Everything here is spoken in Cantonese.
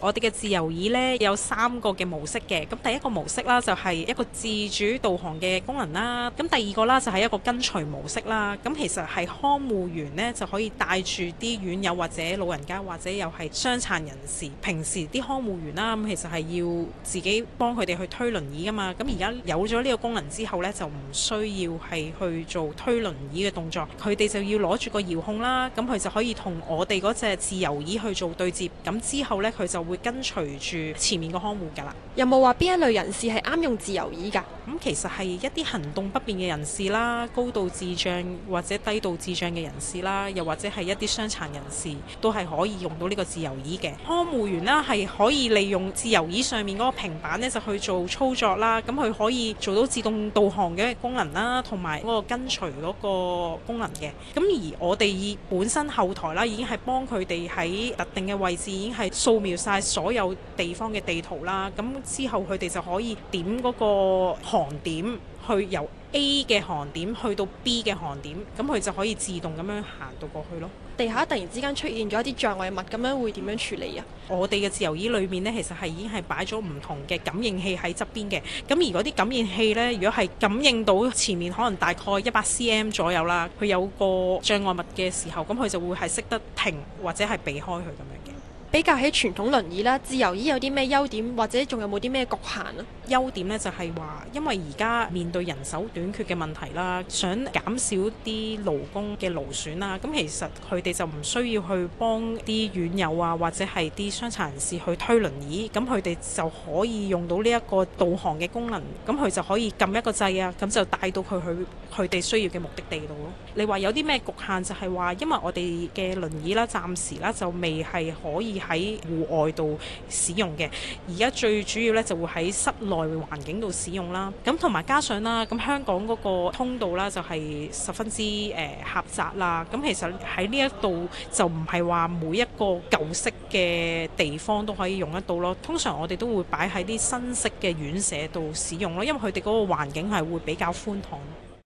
我哋嘅智遊椅呢，有三個嘅模式嘅，咁第一個模式啦就係一個自主導航嘅功能啦，咁第二個啦就係一個跟隨模式啦，咁其實係看護員呢，就可以帶住啲院友或者老人家或者又係傷殘人士，平時啲看護員啦，咁其實係要自己幫佢哋去推輪椅㗎嘛，咁而家有咗呢個功能之後呢，就唔需要係去做推輪椅嘅動作，佢哋就要攞住個遙控啦，咁佢就可以同我哋嗰隻智遊椅去做對接，咁之後呢，佢就。會跟隨住前面個看護㗎啦。有冇話邊一類人士係啱用智遊椅㗎？咁、嗯、其實係一啲行動不便嘅人士啦，高度智障或者低度智障嘅人士啦，又或者係一啲傷殘人士，都係可以用到呢個智遊椅嘅。看護員啦，係可以利用智遊椅上面嗰個平板呢，就去做操作啦。咁、嗯、佢可以做到自動導航嘅功能啦，同埋嗰個跟隨嗰個功能嘅。咁、嗯、而我哋本身後台啦，已經係幫佢哋喺特定嘅位置已經係掃描晒。所有地方嘅地圖啦，咁之後，佢哋就可以點嗰個航點去由 A 嘅航點去到 B 嘅航點，咁佢就可以自動咁樣行到過去咯。地下突然之間出現咗一啲障礙物，咁樣會點樣處理啊？我哋嘅智遊椅裏面咧，其實係已經係擺咗唔同嘅感應器喺側邊嘅。咁而嗰啲感應器咧，如果係感應到前面可能大概一百 cm 左右啦，佢有個障礙物嘅時候，咁佢就會係識得停或者係避開佢咁樣嘅。比較起傳統輪椅啦，智遊椅有啲咩優點，或者仲有冇啲咩局限啊？優點咧，就係話，因為而家面對人手短缺嘅問題啦，想減少啲勞工嘅勞損啦，咁其實佢哋就唔需要去幫啲院友啊，或者係啲傷殘人士去推輪椅，咁佢哋就可以用到呢一個導航嘅功能，咁佢就可以撳一個掣啊，咁就帶到佢去佢哋需要嘅目的地度咯。你話有啲咩局限就係話，因為我哋嘅輪椅啦，暫時啦就未係可以喺戶外度使用嘅，而家最主要咧就會喺室內。外環境度使用啦，咁同埋加上啦，咁香港嗰個通道啦就係十分之誒狹窄啦，咁其實喺呢一度就唔係話每一個舊式嘅地方都可以用得到咯。通常我哋都會擺喺啲新式嘅院舍度使用咯，因為佢哋嗰個環境係會比較寬敞。